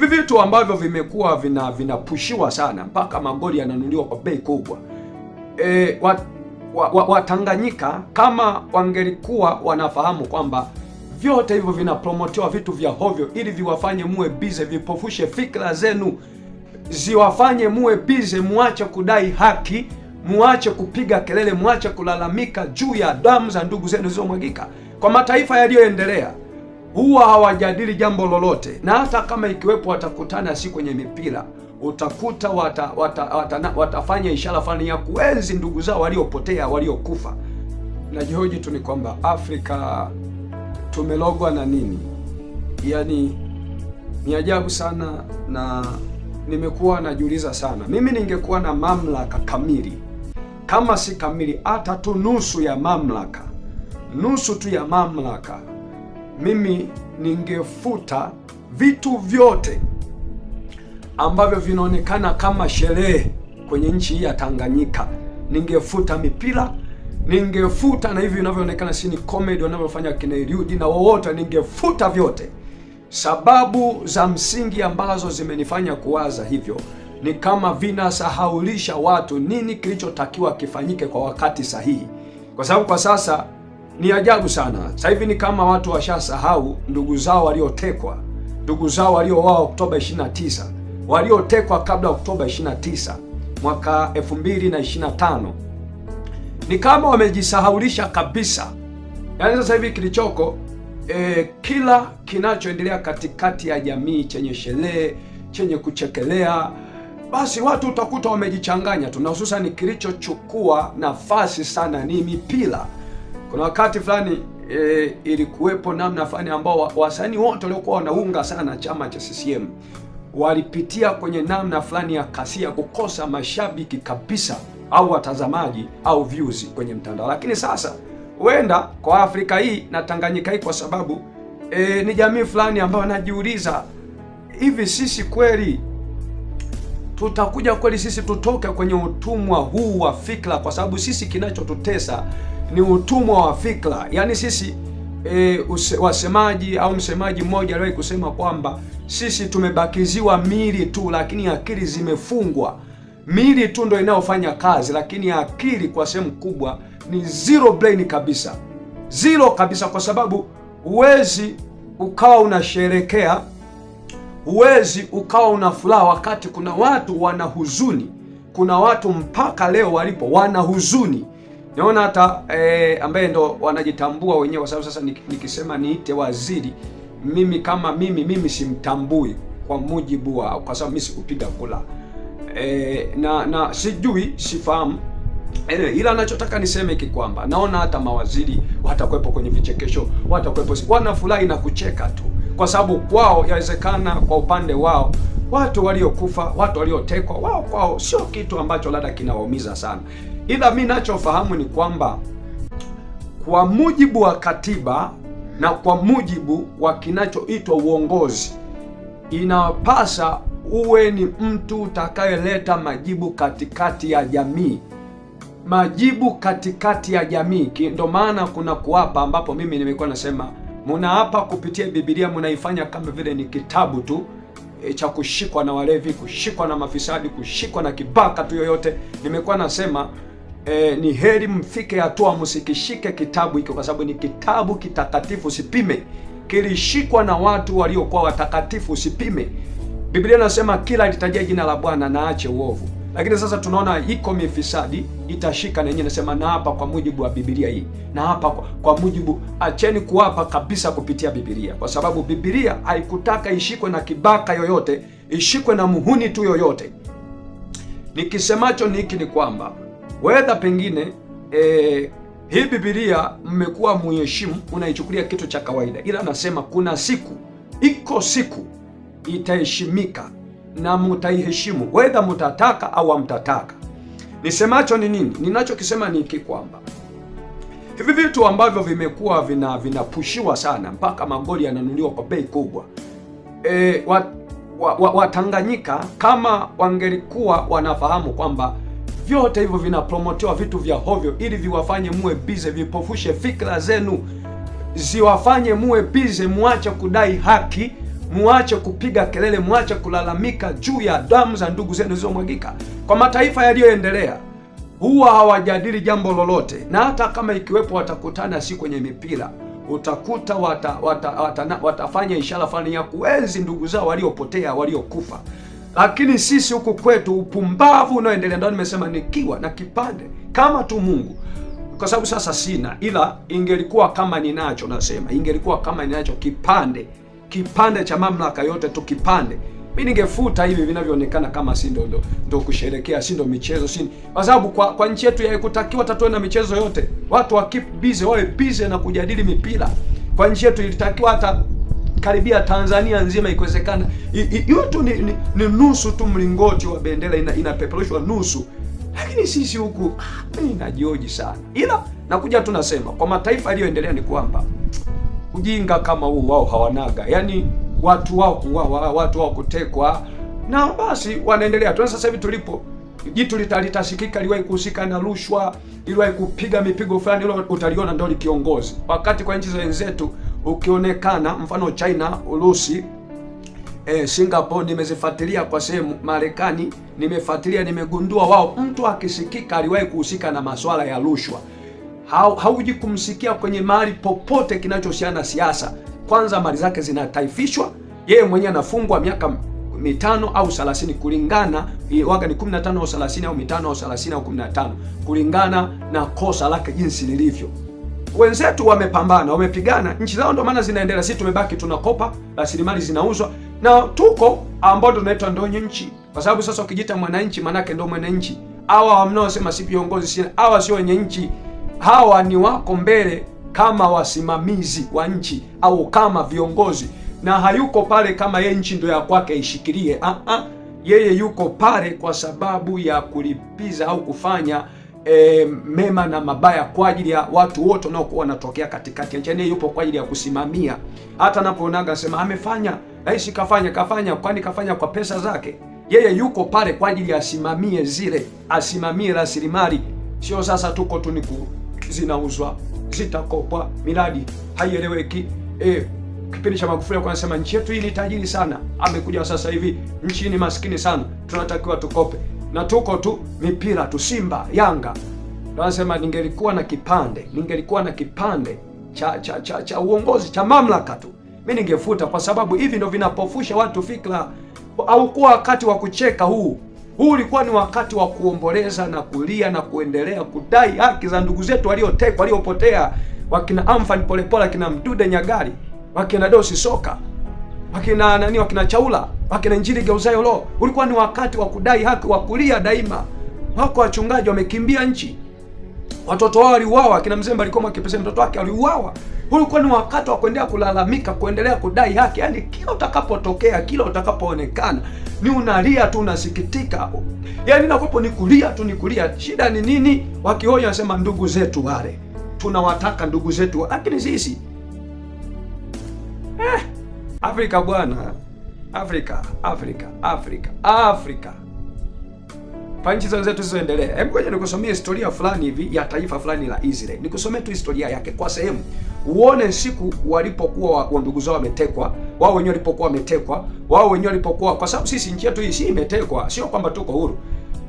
hivi vitu ambavyo vimekuwa vina vinapushiwa sana mpaka magoli yananunuliwa kwa bei kubwa e, Watanganyika wa, wa, wa kama wangelikuwa wanafahamu kwamba vyote hivyo vinapromotewa vitu vya hovyo, ili viwafanye muwe bize, vipofushe fikra zenu, ziwafanye muwe bize, muache kudai haki, muache kupiga kelele, muache kulalamika juu ya damu za ndugu zenu zilizomwagika kwa mataifa yaliyoendelea huwa hawajadili jambo lolote, na hata kama ikiwepo watakutana, si kwenye mipira, utakuta wata, wata, wata, watafanya ishara fulani ya kuenzi ndugu zao waliopotea, waliokufa. Na jehoji tu ni kwamba Afrika tumelogwa na nini? Yaani ni ajabu sana, na nimekuwa najiuliza sana, mimi ningekuwa na mamlaka kamili, kama si kamili hata tu nusu ya mamlaka, nusu tu ya mamlaka mimi ningefuta vitu vyote ambavyo vinaonekana kama sherehe kwenye nchi hii ya Tanganyika. Ningefuta mipira, ningefuta na hivi vinavyoonekana si ni comedy wanavyofanya kina Eliud na wowote, ningefuta vyote. Sababu za msingi ambazo zimenifanya kuwaza hivyo ni kama vinasahaulisha watu nini kilichotakiwa kifanyike kwa wakati sahihi, kwa sababu kwa sasa ni ajabu sana. Sasa hivi ni kama watu washasahau ndugu zao waliotekwa, ndugu zao waliouawa Oktoba 29, waliotekwa kabla Oktoba 29 mwaka 2025. Ni kama wamejisahaulisha kabisa. Yaani sasa hivi kilichoko e, kila kinachoendelea katikati ya jamii chenye sherehe, chenye kuchekelea basi watu utakuta wamejichanganya tu, na hususani kilichochukua nafasi sana ni mipira. Kuna wakati fulani e, ilikuwepo namna fulani ambao wasanii wote waliokuwa wanaunga sana chama cha CCM walipitia kwenye namna fulani ya kasi ya kukosa mashabiki kabisa au watazamaji au views kwenye mtandao. Lakini sasa huenda kwa Afrika hii na Tanganyika hii kwa sababu e, ni jamii fulani ambayo wanajiuliza hivi, sisi kweli tutakuja kweli sisi tutoke kwenye utumwa huu wa fikra? Kwa sababu sisi kinachotutesa ni utumwa wa fikra. Yaani sisi e, use, wasemaji au msemaji mmoja aliwahi kusema kwamba sisi tumebakiziwa mili tu, lakini akili zimefungwa. mili tu ndio inayofanya kazi, lakini akili kwa sehemu kubwa ni zero brain kabisa, zero kabisa, kwa sababu huwezi ukawa unasherekea, huwezi ukawa una furaha wakati kuna watu wana huzuni. Kuna watu mpaka leo walipo wana huzuni Naona hata e, ambaye ndo wanajitambua wenyewe, kwa sababu sasa nikisema niite waziri mimi kama mimi mimi simtambui kwa mujibu wa, kwa sababu mimi sikupiga kula e, na na sijui sifahamu ila anachotaka niseme hiki kwamba naona hata mawaziri watakuwepo kwenye vichekesho, watakuwepo, wanafurahi na kucheka tu, kwa sababu kwao yawezekana, kwa upande wao watu waliokufa, watu waliotekwa, wao kwao sio kitu ambacho labda kinawaumiza sana. Ila mi nachofahamu ni kwamba kwa mujibu wa katiba na kwa mujibu wa kinachoitwa uongozi, inapasa uwe ni mtu utakayeleta majibu katikati ya jamii, majibu katikati ya jamii. Ndio maana kuna kuapa ambapo mimi nimekuwa nasema munaapa kupitia Biblia, munaifanya kama vile ni kitabu tu e, cha kushikwa na walevi, kushikwa na mafisadi, kushikwa na kibaka tu yoyote. Nimekuwa nasema eh, ni heri mfike hatua msikishike kitabu hiki, kwa sababu ni kitabu kitakatifu. Usipime, kilishikwa na watu waliokuwa watakatifu. Usipime. Biblia inasema kila litajia jina la Bwana na aache uovu, lakini sasa tunaona iko mifisadi itashika na yeye Nasema na hapa kwa mujibu wa Biblia hii, na hapa kwa, kwa mujibu. Acheni kuapa kabisa kupitia Biblia, kwa sababu Biblia haikutaka ishikwe na kibaka yoyote, ishikwe na muhuni tu yoyote. Nikisemacho niki ni kwamba Wedha pengine e, hii Biblia mmekuwa muheshimu, unaichukulia kitu cha kawaida, ila nasema kuna siku, iko siku itaheshimika na mutaiheshimu, wedha mutataka au hamtataka. Nisemacho ni nini? Ninachokisema ni hiki kwamba hivi vitu ambavyo vimekuwa vina vinapushiwa sana mpaka magoli yananuliwa kwa bei kubwa e, wa, wa, wa, Watanganyika kama wangelikuwa wanafahamu kwamba vyote hivyo vinapromotewa vitu vya hovyo, ili viwafanye muwe bize, vipofushe fikra zenu, ziwafanye muwe bize, muache kudai haki, muache kupiga kelele, muache kulalamika juu ya damu za ndugu zenu zilizomwagika. Kwa mataifa yaliyoendelea huwa hawajadili jambo lolote, na hata kama ikiwepo watakutana, si kwenye mipira, utakuta wata, wata, wata, watafanya ishara fulani ya kuenzi ndugu zao waliopotea, waliokufa. Lakini sisi huku kwetu upumbavu unaoendelea, ndio nimesema nikiwa na kipande kama tu Mungu, kwa sababu sasa sina, ila ingelikuwa kama ninacho, nasema ingelikuwa kama ninacho kipande, kipande cha mamlaka yote tu kipande mi ningefuta hivi vinavyoonekana kama si ndo ndo ndo kusherekea, si ndo michezo, si kwa sababu kwa, kwa nchi yetu haikutakiwa tatue na michezo yote, watu wa keep busy, wawe busy na kujadili mipira. Kwa nchi yetu ilitakiwa hata karibia Tanzania nzima ikiwezekana. tu ni, ni, ni nusu tu mlingoti wa bendera ina, inapeperushwa nusu, lakini sisi huku mimi ah, najioji sana, ila nakuja tu nasema kwa mataifa yaliyoendelea ni kwamba ujinga kama huu wao hawanaga, yaani watu wao kuwawa, watu wao kutekwa, na basi wanaendelea tu. Sasa hivi tulipo jitu litashikika liwahi kuhusika na rushwa, iliwahi kupiga mipigo fulani, ilo utaliona ndio ni kiongozi, wakati kwa nchi za wenzetu ukionekana, mfano China, Urusi, e, Singapore nimezifuatilia kwa sehemu, Marekani nimefuatilia, nimegundua wao mtu akisikika aliwahi kuhusika na masuala ya rushwa. Hauji kumsikia kwenye mahali popote kinachohusiana na siasa. Kwanza mali zake zinataifishwa, yeye mwenyewe anafungwa miaka mitano au 30 kulingana waga ni 15 au 30 au mitano au 30 au 15 kulingana na kosa lake jinsi lilivyo wenzetu wamepambana, wamepigana, nchi zao ndio maana zinaendelea. Sisi tumebaki tunakopa, rasilimali zinauzwa na tuko ambao tunaitwa ndo nchi, kwa sababu sasa ukijita mwananchi, manake ndo mwananchi. Hawa mnaosema si viongozi, si hawa, sio wenye nchi, hawa ni wako mbele kama wasimamizi wa nchi au kama viongozi, na hayuko pale kama yeye nchi ndio ya kwake ishikilie. Ah, ah, yeye yuko pale kwa sababu ya kulipiza au kufanya e, mema na mabaya kwa ajili ya watu wote wanaokuwa wanatokea katikati ya nchi. yupo kwa ajili ya kusimamia. Hata anapoonaga sema amefanya, rais kafanya, kafanya, kwani kafanya kwa pesa zake. Yeye yuko pale kwa ajili ya asimamie zile, asimamie rasilimali. Sio sasa tuko tu niku zinauzwa, zitakopwa, miradi haieleweki. E, kipindi cha Magufuli alikuwa anasema nchi yetu hii ni tajiri sana, amekuja sasa hivi nchi ni maskini sana, tunatakiwa tukope na tuko tu mipira tu, Simba Yanga. Nasema ningelikuwa na kipande, ningelikuwa na kipande cha cha cha, cha uongozi cha mamlaka tu, mi ningefuta, kwa sababu hivi ndo vinapofusha watu fikra. Au kuwa wakati wa kucheka huu huu ulikuwa ni wakati wa kuomboleza na kulia na kuendelea kudai haki za ndugu zetu waliotekwa, waliopotea, wakina Amfani Polepole, akina Mdude Nyagari, wakina Dosi Soka wakina nani, wakina Chaula, wakina Injili Geuzayo Lo, ulikuwa ni wakati wa kudai haki, wa kulia daima. Wako wachungaji wamekimbia nchi, watoto wao waliuawa, akina Mzee Mbalikoma Kipese mtoto wake aliuawa. Ulikuwa ni wakati wa kuendelea kulalamika, kuendelea kudai haki. Yani kila utakapotokea, kila utakapoonekana ni unalia tu, unasikitika. Yani nakupo ni kulia tu, ni kulia. Shida ni nini? Wakihoja wanasema ndugu zetu wale tunawataka ndugu zetu, lakini sisi Afrika bwana, Afrika, Afrika, Afrika, Afrika, panchi zote zetu zilizoendelea. Hebu ngoja nikusomee historia fulani hivi ya taifa fulani la Israeli, nikusomee tu historia yake kwa sehemu, uone siku walipokuwa wa ndugu zao wametekwa, wao wenyewe walipokuwa wametekwa, wao wenyewe walipokuwa, kwa sababu sisi nchi yetu hii imetekwa, sio kwamba tuko huru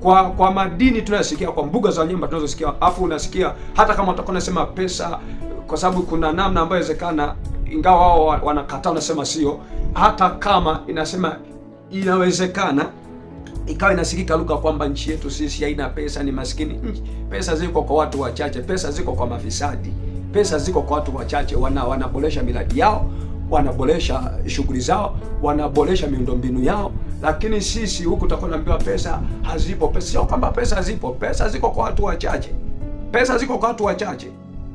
kwa kwa madini tunayosikia kwa mbuga za nyumba tunazosikia, afu unasikia hata kama utakuwa unasema pesa, kwa sababu kuna namna ambayo inawezekana ingawa wao wanakataa, wanasema sio, hata kama inasema inawezekana ikawa inasikika lugha kwamba nchi yetu sisi haina pesa, ni maskini. Pesa ziko kwa watu wachache, pesa ziko kwa mafisadi, pesa ziko kwa watu wachache. Wana wanaboresha miradi yao, wanaboresha shughuli zao, wanaboresha miundombinu yao, lakini sisi huku tutakuwa naambiwa pesa hazipo. Pesa sio kwamba pesa zipo, pesa ziko kwa watu wachache, pesa ziko kwa watu wachache.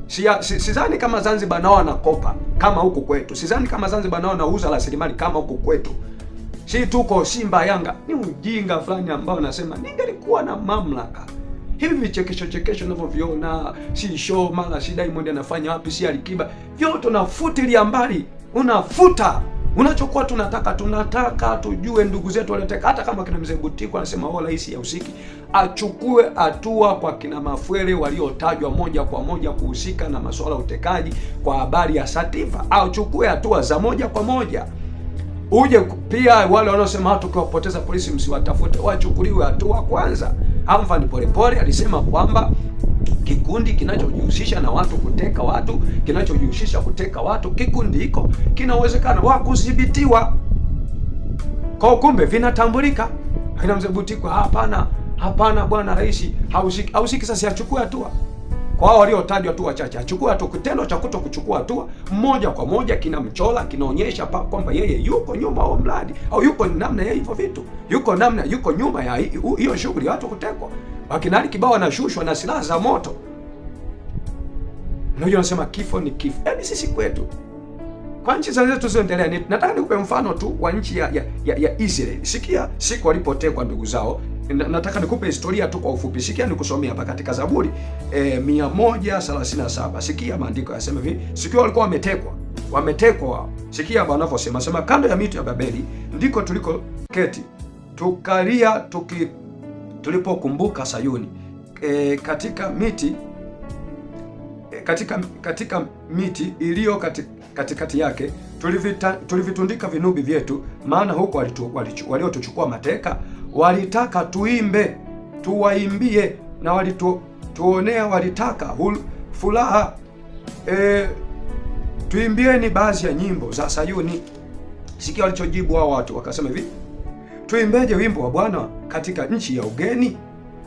Sidhani kama Zanzibar nao wanakopa kama huku kwetu. Sidhani kama Zanzibar nao wanauza rasilimali kama huku kwetu. Si tuko Simba Yanga ni ujinga fulani ambao nasema ningelikuwa na mamlaka. Hivi vichekesho chekesho unavyoviona, si show mara si Diamond anafanya wapi, si Alikiba, vyote unafutilia mbali, unafuta Unachokuwa tunataka tunataka tujue ndugu zetu walioteka, hata kama kina mzee Butiko anasema wao rais usiki achukue hatua kwa kina Mafwele waliotajwa moja kwa moja kuhusika na masuala ya utekaji kwa habari ya Sativa, achukue hatua za moja kwa moja uje pia wale wanaosema watu tukiwapoteza polisi msiwatafute, wachukuliwe hatua kwanza. Amfani Polepole alisema kwamba kikundi kinachojihusisha na watu kuteka watu, kinachojihusisha kuteka watu, kikundi hiko kina uwezekano wa kudhibitiwa kwa kumbe vinatambulika. Akina mzee Butikwa, hapana, hapana bwana rais hausiki, hausiki. Sasa achukue hatua kwa hao waliotajwa tu wachache, achukue hatua. Kitendo cha kuto kuchukua hatua moja kwa moja kinamchola, kinaonyesha kwamba yeye yuko nyuma wa mradi au yuko namna ya hivyo vitu, yuko namna, yuko nyuma ya hiyo shughuli ya watu kutekwa. Wakina Ali Kibao wanashushwa na silaha za moto. Unajua wanasema kifo ni kifo. Yaani sisi kwetu kwa nchi za zetu zinaendelea. Nataka nikupe mfano tu wa nchi ya, ya, ya, ya Israeli. Sikia siku walipotekwa ndugu zao. Nataka nikupe historia tu kwa ufupi. Sikia nikusomea hapa katika Zaburi e, eh, 137. Sikia maandiko yasema hivi. Sikia walikuwa wametekwa. Wametekwa wao. Sikia hapa wanavyosema. Sema kando ya mito ya Babeli ndiko tuliko keti. Tukalia tuki tulipokumbuka Sayuni. E, katika miti e, katika, katika miti iliyo katikati kati yake tulivita, tulivitundika vinubi vyetu, maana huko waliotuchukua mateka walitaka tuimbe tuwaimbie, na walituonea walitaka hul, furaha e, tuimbieni baadhi ya nyimbo za Sayuni. Sikia walichojibu hao watu, wakasema hivi Tuimbeje wimbo wa Bwana katika nchi ya ugeni?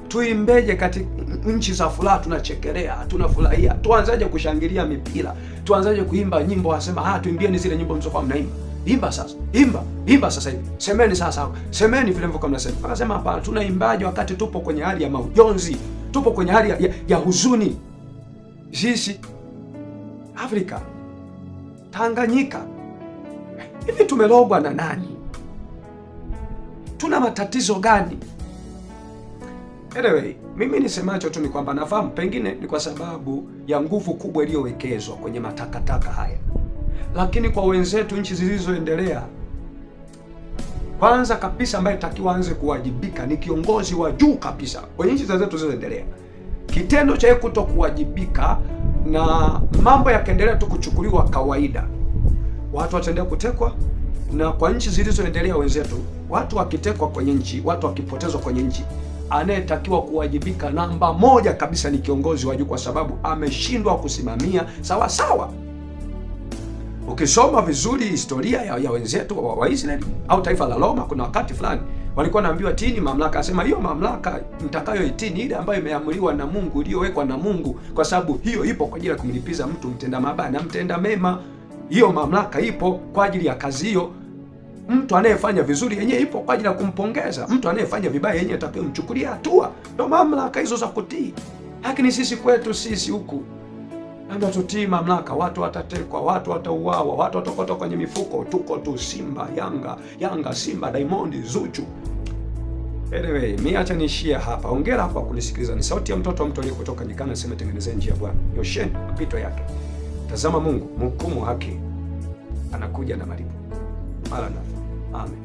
Tuimbeje katika nchi za furaha? Tunachekelea, tunafurahia. Tuanzaje kushangilia mipira? Tuanzaje kuimba nyimbo? Wasema ah, tuimbieni zile nyimbo mzokuwa mnaimba. Imba sasa, imba, imba sasa hivi. Semeni sasa, semeni vile mvoko mnasema. Akasema hapana, tunaimbaje wakati tupo kwenye hali ya maujonzi, tupo kwenye hali ya, ya, ya huzuni. Sisi Afrika, Tanganyika, hivi tumelogwa na nani? tuna matatizo gani? Anyway, mimi nisemacho tu ni kwamba nafahamu pengine ni kwa sababu ya nguvu kubwa iliyowekezwa kwenye matakataka haya, lakini kwa wenzetu nchi zilizoendelea, kwanza kabisa ambaye takiwa anze kuwajibika ni kiongozi wa juu kabisa kwenye nchi zetu zilizoendelea. Kitendo cha kuto kuwajibika na mambo yakaendelea tu kuchukuliwa kawaida, watu wataendelea kutekwa na kwa nchi zilizoendelea wenzetu, watu wakitekwa kwenye nchi, watu wakipotezwa kwenye nchi, anayetakiwa kuwajibika namba moja kabisa ni kiongozi wa juu, kwa sababu ameshindwa kusimamia sawa sawa. Ukisoma vizuri historia ya, ya wenzetu wa, wa Israeli au taifa la Roma, kuna wakati fulani walikuwa naambiwa tini mamlaka, asema hiyo mamlaka mtakayoitini ile ambayo imeamriwa na Mungu, iliyowekwa na Mungu, kwa sababu hiyo ipo kwa ajili ya kumlipiza mtu mtenda mabaya na mtenda mema. Hiyo mamlaka ipo kwa ajili ya kazi hiyo. Mtu anayefanya vizuri yenyewe ipo kwa ajili ya kumpongeza, mtu anayefanya vibaya yenyewe atakayemchukulia hatua. ndo mamlaka hizo za kutii. Lakini sisi kwetu sisi huku labda tutii mamlaka, watu watatekwa, watu watauawa, watu watakota kwenye mifuko. Tuko tu Simba Yanga, Yanga Simba, daimondi Zuchu. Anyway, mi acha niishie hapa. Ongera hapa kunisikiliza. Ni sauti ya mtoto wa mtu aliye kutoka nyikana, sema tengenezeni njia Bwana, nyosheni mapito yake. Tazama Mungu mhukumu haki, anakuja na malipo mara 아멘.